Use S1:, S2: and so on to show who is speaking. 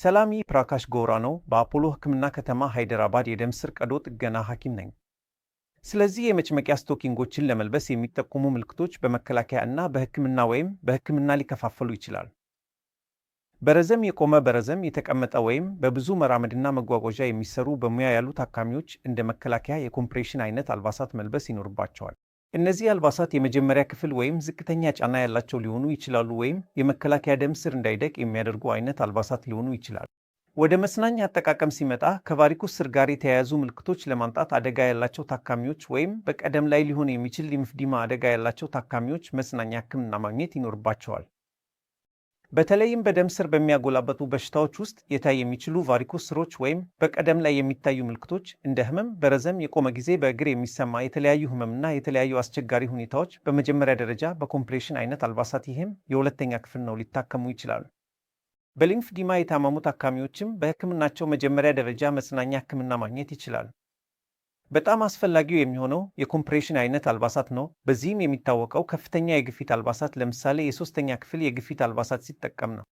S1: ሰላሚ ፕራካሽ ጎራ ነው። በአፖሎ ሕክምና ከተማ ሃይደራባድ የደም ስር ቀዶ ጥገና ሐኪም ነኝ። ስለዚህ የመጭመቂያ ስቶኪንጎችን ለመልበስ የሚጠቁሙ ምልክቶች በመከላከያ እና በሕክምና ወይም በሕክምና ሊከፋፈሉ ይችላል። በረዘም የቆመ በረዘም የተቀመጠ ወይም በብዙ መራመድና መጓጓዣ የሚሰሩ በሙያ ያሉ ታካሚዎች እንደ መከላከያ የኮምፕሬሽን አይነት አልባሳት መልበስ ይኖርባቸዋል። እነዚህ አልባሳት የመጀመሪያ ክፍል ወይም ዝቅተኛ ጫና ያላቸው ሊሆኑ ይችላሉ ወይም የመከላከያ ደም ስር እንዳይደቅ የሚያደርጉ አይነት አልባሳት ሊሆኑ ይችላሉ። ወደ መዝናኛ አጠቃቀም ሲመጣ ከቫሪኮስ ስር ጋር የተያያዙ ምልክቶች ለማምጣት አደጋ ያላቸው ታካሚዎች ወይም በቀደም ላይ ሊሆን የሚችል ሊምፍዲማ አደጋ ያላቸው ታካሚዎች መዝናኛ ሕክምና ማግኘት ይኖርባቸዋል። በተለይም በደም ስር በሚያጎላበቱ በሽታዎች ውስጥ የታይ የሚችሉ ቫሪኮስ ስሮች ወይም በቀደም ላይ የሚታዩ ምልክቶች እንደ ህመም፣ በረዘም የቆመ ጊዜ፣ በእግር የሚሰማ የተለያዩ ህመምና የተለያዩ አስቸጋሪ ሁኔታዎች በመጀመሪያ ደረጃ በኮምፕሬሽን አይነት አልባሳት ይህም የሁለተኛ ክፍል ነው ሊታከሙ ይችላሉ። ዲማ የታመሙ ታካሚዎችም በህክምናቸው መጀመሪያ ደረጃ መጽናኛ ህክምና ማግኘት ይችላሉ። በጣም አስፈላጊው የሚሆነው የኮምፕሬሽን አይነት አልባሳት ነው። በዚህም የሚታወቀው ከፍተኛ የግፊት አልባሳት ለምሳሌ የሶስተኛ ክፍል የግፊት አልባሳት ሲጠቀም ነው።